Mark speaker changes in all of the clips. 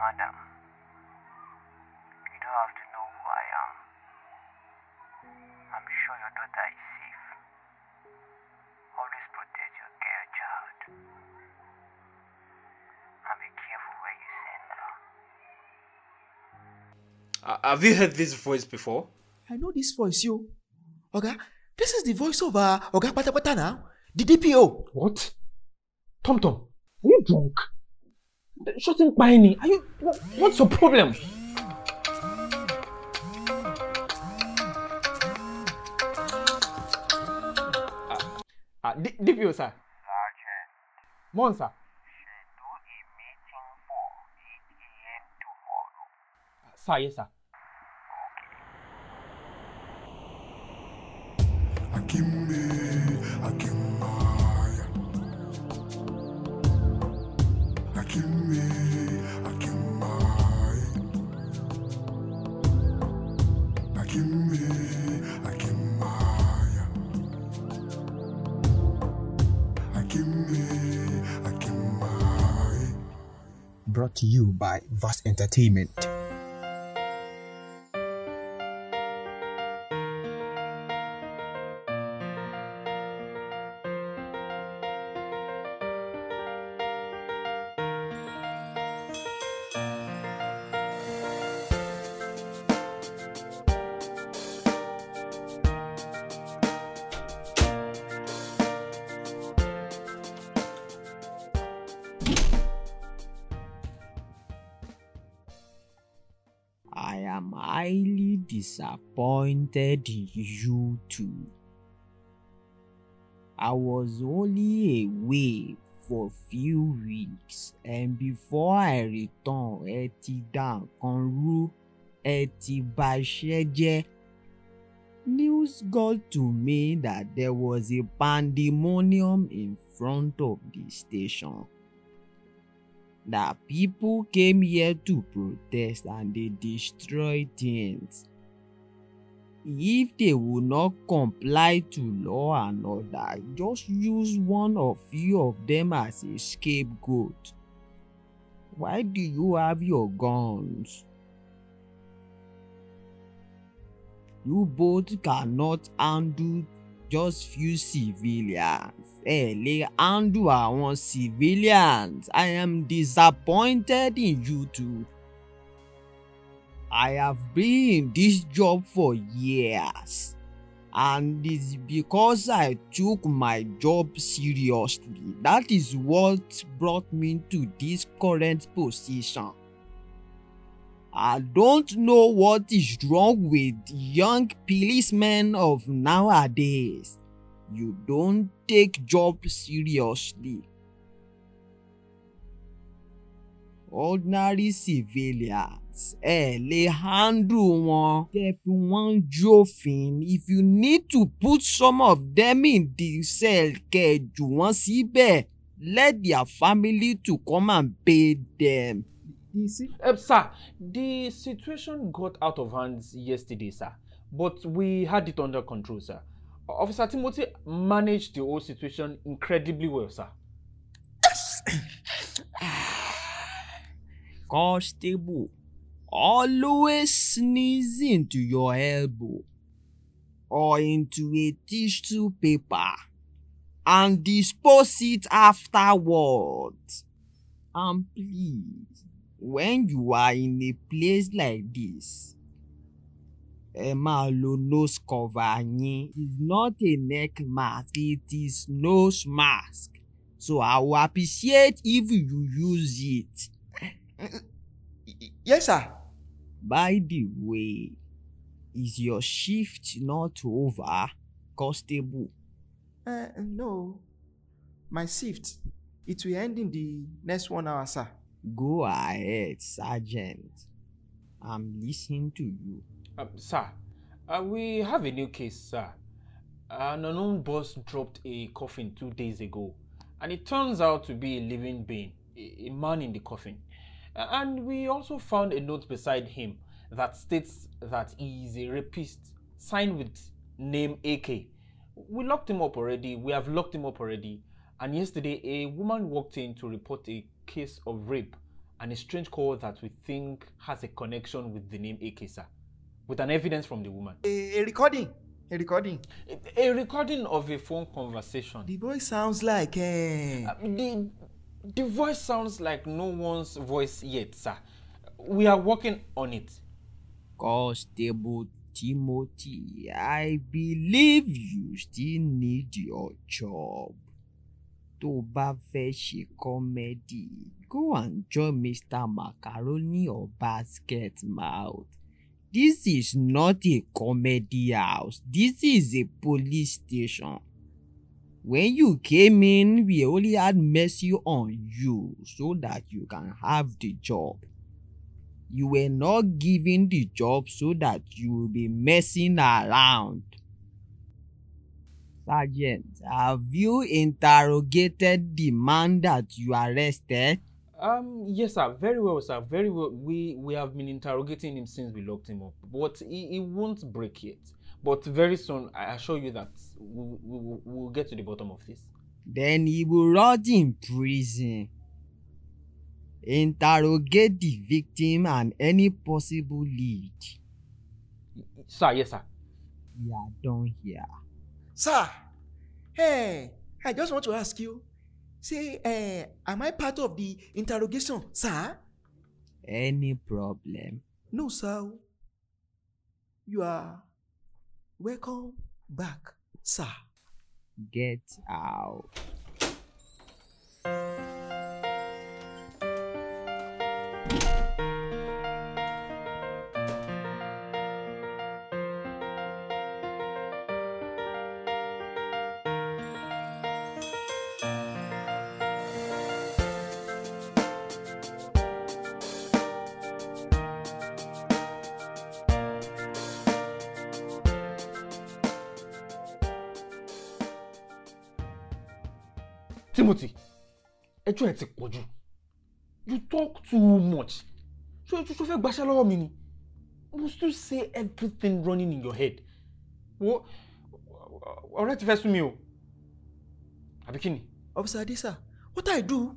Speaker 1: madam. You don't have to know who I am. I'm sure your daughter is safe. Always protect your girl child.
Speaker 2: And be careful where you send her. Uh, have you heard this voice before? I know this voice, you. Okay? This is the voice of uh, Oga Patapata now, the DPO. What? Tom Tom, are you drunk? shouldn't buy any. Are you? What's your problem? Ah, ah DPO sir.
Speaker 1: Sergeant.
Speaker 2: Mon sir. Schedule a meeting for 8 a.m. tomorrow. Uh, sir, yes sir. Okay. brought to you by Vast Entertainment.
Speaker 1: disappointed you too. I was only away for few weeks and before I return ẹ ti dà nǹkan rú News got to me that there was a pandemonium in front of the station. That people came here to protest and they destroyed things. If they will not comply to law and order, just use one or few of them as a scapegoat. Why do you have your guns? You both cannot handle just few civilians. Eh, lè handle àwọn civilians. I am disappointed in you two. I have been in this job for years, and it's because I took my job seriously. That is what brought me to this current position. I don't know what is wrong with young policemen of nowadays. You don't take job seriously. ordinary civilians ẹ lè handle wọn kẹ fi wọn jófin if you need to put some of them in the cell kẹ jù wọn síbẹ̀ let their family to come and pay them.
Speaker 2: Uh, sir, the situation got out of hands yesterday, sir, but we had it under control, sir. Officer Timothy managed the whole situation incredibly well, sir.
Speaker 1: Constable, Always sneeze into your elbow or into a tissue paper and dispose it afterwards. And please, when you are in a place like this, ẹ nose cover is not a neck mask, it is nose mask. So I will appreciate if you use it. Yes, sir. By the way, is your shift not over, Constable? Uh, no. My shift, it will end in the next one hour, sir. Go ahead, Sergeant. I'm listening to you.
Speaker 2: Um, sir, uh, we have a new case, sir. An unknown boss dropped a coffin two days ago, and it turns out to be a living being, a, a man in the coffin. And we also found a note beside him that states that he is a rapist, signed with name AK. We locked him up already, we have locked him up already. And yesterday, a woman walked in to report a case of rape and a strange call that we think has a connection with the name sir, with an evidence from the woman. A,
Speaker 1: a recording. A recording.
Speaker 2: A, a, recording of a phone conversation.
Speaker 1: The voice sounds like. Uh... Uh,
Speaker 2: the, the voice sounds like no one's voice yet,
Speaker 1: sir. We are working on it. Constable Timothy, I believe you still need your job. To bá comedy, go and join Mr. Macaroni or Basket Mouth. This is not a comedy house. This is a police station. When you came in, we only had mercy on you so that you can have the job. You were not given the job so that you will be messing around. Sergeant, have you interrogated the man that you arrested?
Speaker 2: Um, yes, sir. Very well, sir. Very well. We we have been interrogating him since we locked him up, but he, he won't break it. But very soon, I assure you that we will we, we, will get to the bottom of this.
Speaker 1: Then he will rot in prison. Interrogate the victim and any possible lead. Sir, yes, sir. We are done here.
Speaker 2: Sir, hey, I just want to ask you say, uh, am I part of the interrogation, sir?
Speaker 1: Any problem?
Speaker 2: No, sir. You are
Speaker 1: Welcome back, sir. Get out.
Speaker 2: Timothy ẹjọ́ ẹ ti pọ̀ jù you talk too much ṣé ojú tó fẹ́ gbaṣẹ́ lọ́wọ́ mi ni you still say everything running in your head wo ọ̀rẹ́ ti fẹ́ sún mi o àbí kí ni. officer adisa what i do.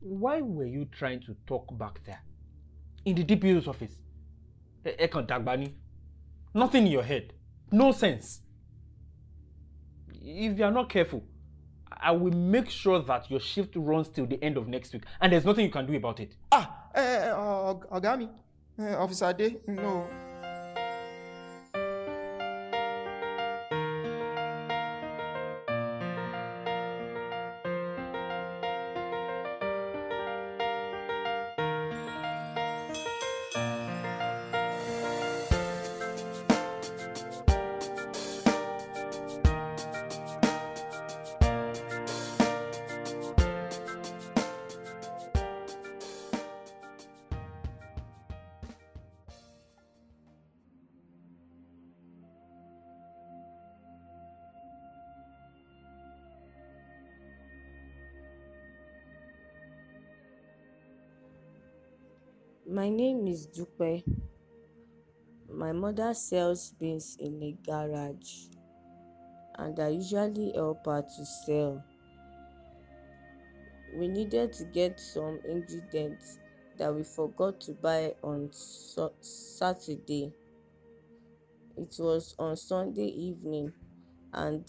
Speaker 2: why were you trying to talk back there in the DPO's office ẹ kàn dàgbà ni nothing in your head no sense if you are not careful I will make sure that your shift runs till the end of next week, and there's nothing you can do about it. Ah, eh, uh, Ogami, uh, Officer Day, no.
Speaker 3: My name is Dupe. My mother sells beans in a garage, and I usually help her to sell. We needed to get some ingredients that we forgot to buy on Saturday. It was on Sunday evening, and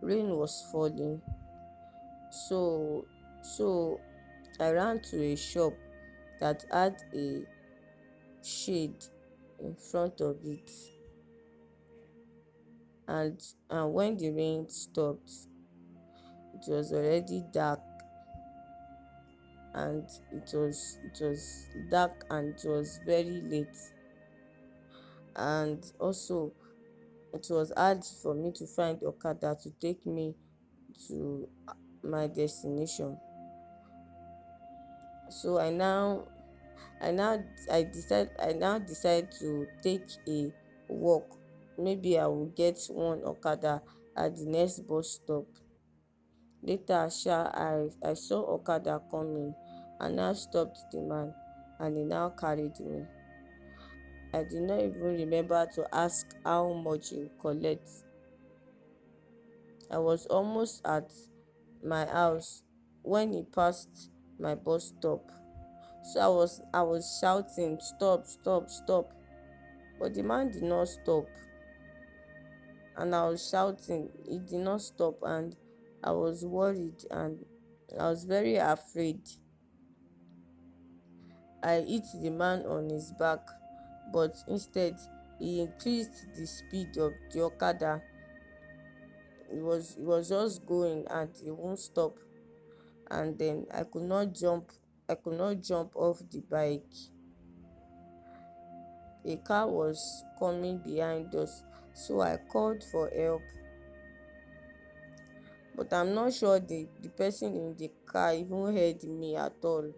Speaker 3: rain was falling. So, so I ran to a shop that had a shade in front of it and and when the rain stopped it was already dark and it was it was dark and it was very late and also it was hard for me to find okada to take me to uh, my destination so i now I now I decide I now decide to take a walk, maybe I will get one ọ̀kadà at the next bus stop. Later sha I I saw Okada coming and now stopped the man and he now carried me. I did not even remember to ask how much he collect. I was almost at my house when he passed my bus stop. So I was I was shouting, stop, stop, stop. But the man did not stop. And I was shouting, he did not stop, and I was worried and I was very afraid. I hit the man on his back, but instead he increased the speed of the Okada. It was it was just going and it won't stop. And then I could not jump I could not jump off the bike. A car was coming behind us, so I called for help. But I'm not sure the, the person in the car even heard me at all.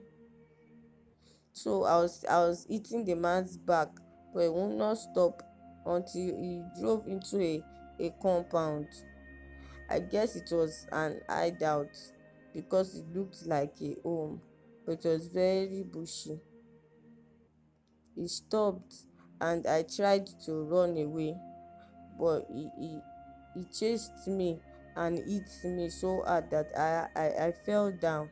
Speaker 3: So I was I was hitting the man's back, but he would not stop until he drove into a, a compound. I guess it was an hideout because it looked like a home. but it was very bushy. He stopped and I tried to run away, but he, he, he chased me and hit me so hard that I, I, I fell down.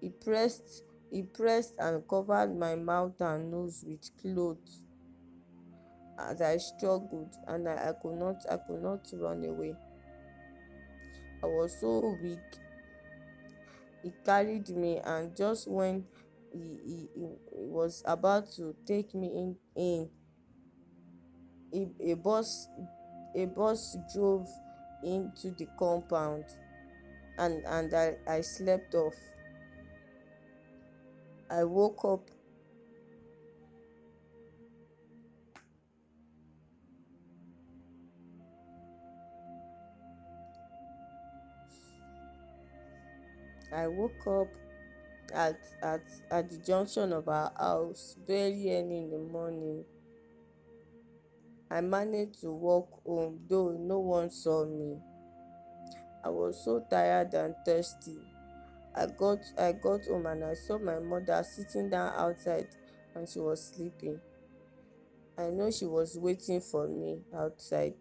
Speaker 3: He pressed, he pressed and covered my mouth and nose with clothes as I struggled and I, I could not I could not run away. I was so weak He carried me and just when he, he, he was about to take me in, in a, a bus a bus drove into the compound and and I, I slept off. I woke up I woke up at at at the junction of our house very early in the morning. I managed to walk home though no one saw me. I was so tired and thirsty. I got I got home and I saw my mother sitting down outside and she was sleeping. I know she was waiting for me outside.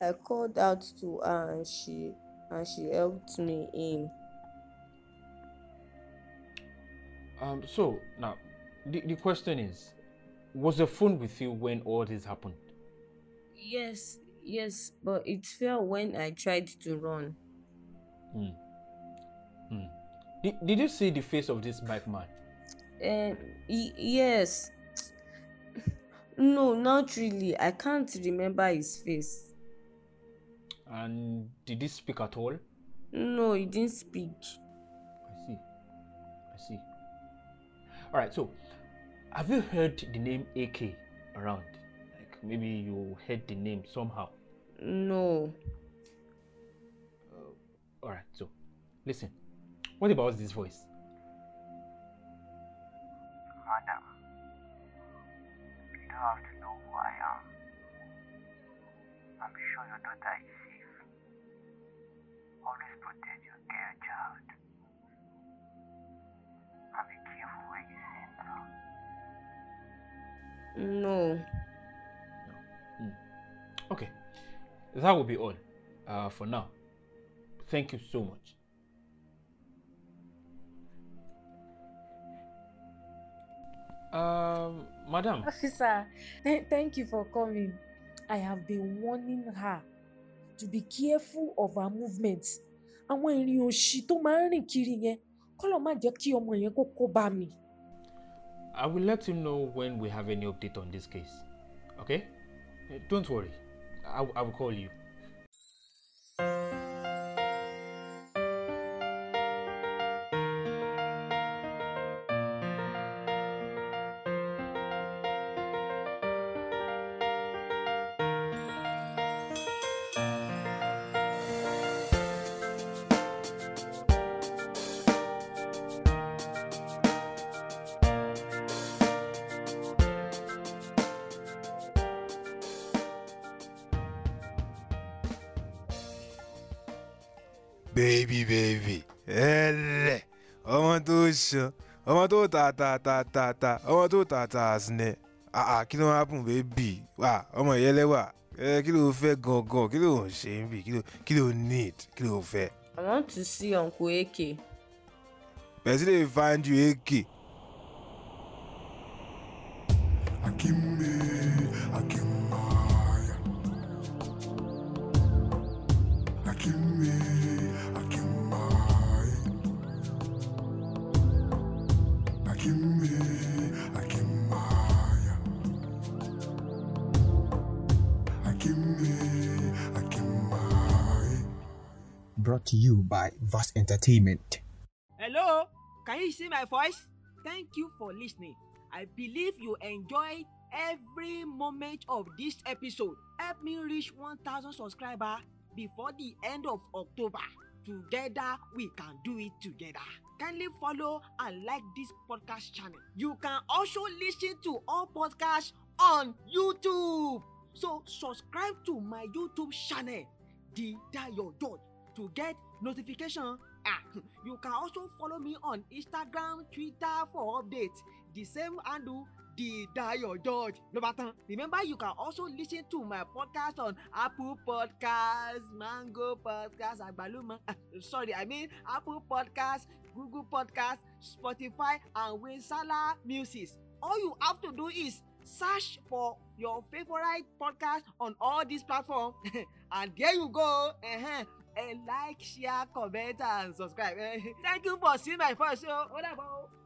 Speaker 3: I called out to her and she and she helped me in.
Speaker 2: Um, so now, the, the question is, was the phone with you when all this happened?
Speaker 3: Yes, yes, but it fell when I tried to run.
Speaker 2: Hmm. Hmm. Did, did you see the face of this
Speaker 3: bike man? Uh, yes. No, not really. I can't remember his face.
Speaker 2: And did he speak at all?
Speaker 3: No, he didn't speak. I
Speaker 2: see. I see. All right. So, have you heard the name AK around? Like maybe you heard the name somehow.
Speaker 3: No.
Speaker 2: Uh, all right. So, listen. What about this voice?
Speaker 3: No. No.
Speaker 2: Mm. Okay. That will be all uh, for now. Thank you so much. Um, madam.
Speaker 3: Officer, th- thank you for coming. I have been warning her to be careful of
Speaker 1: her movements. Àwọn ìrìn òṣì tó máa ń rìn kiri yẹn, kọ́lọ̀ má jẹ́ kí ọmọ yẹn kó kó bá mi.
Speaker 2: I will let you know when we have any update on this case. Okay? Uh, don't worry. I, I will call you. baby baby ẹlẹ ọmọ tó ṣan ọmọ tó ta ta ta ta ta ọmọ tó ta ta sinẹ àà kí ló máa bùn baby wà ọmọ ìyẹlẹwà ẹ kí ló fẹ́ gangan kí ló ń ṣe ń bì kí ló need kí ló fẹ́.
Speaker 3: I want to see Uncle Eke.
Speaker 2: person dey find you Eke. brought to you by Vast Entertainment.
Speaker 1: Hello, can you see my voice? Thank you for listening. I believe you enjoyed every moment of this episode. Help me reach 1000 subscribers before the end of October. Together, we can do it together. Kindly follow and like this podcast channel. You can also listen to all podcasts on YouTube. So, subscribe to my YouTube channel, The Dayo George. to get notification. Ah, you can also follow me on Instagram, Twitter for updates. The same handle The Dayo George no button. Remember you can also listen to my podcast on Apple Podcasts, Mango Podcasts, Agbaluma. Ah, sorry, I mean Apple Podcasts, Google Podcasts, Spotify, and Winsala Music. All you have to do is search for your favorite podcast on all these platforms and there you go. Uh-huh ẹ like share comment and subscribe eh, thank you for seeing my first show ó dàbọ̀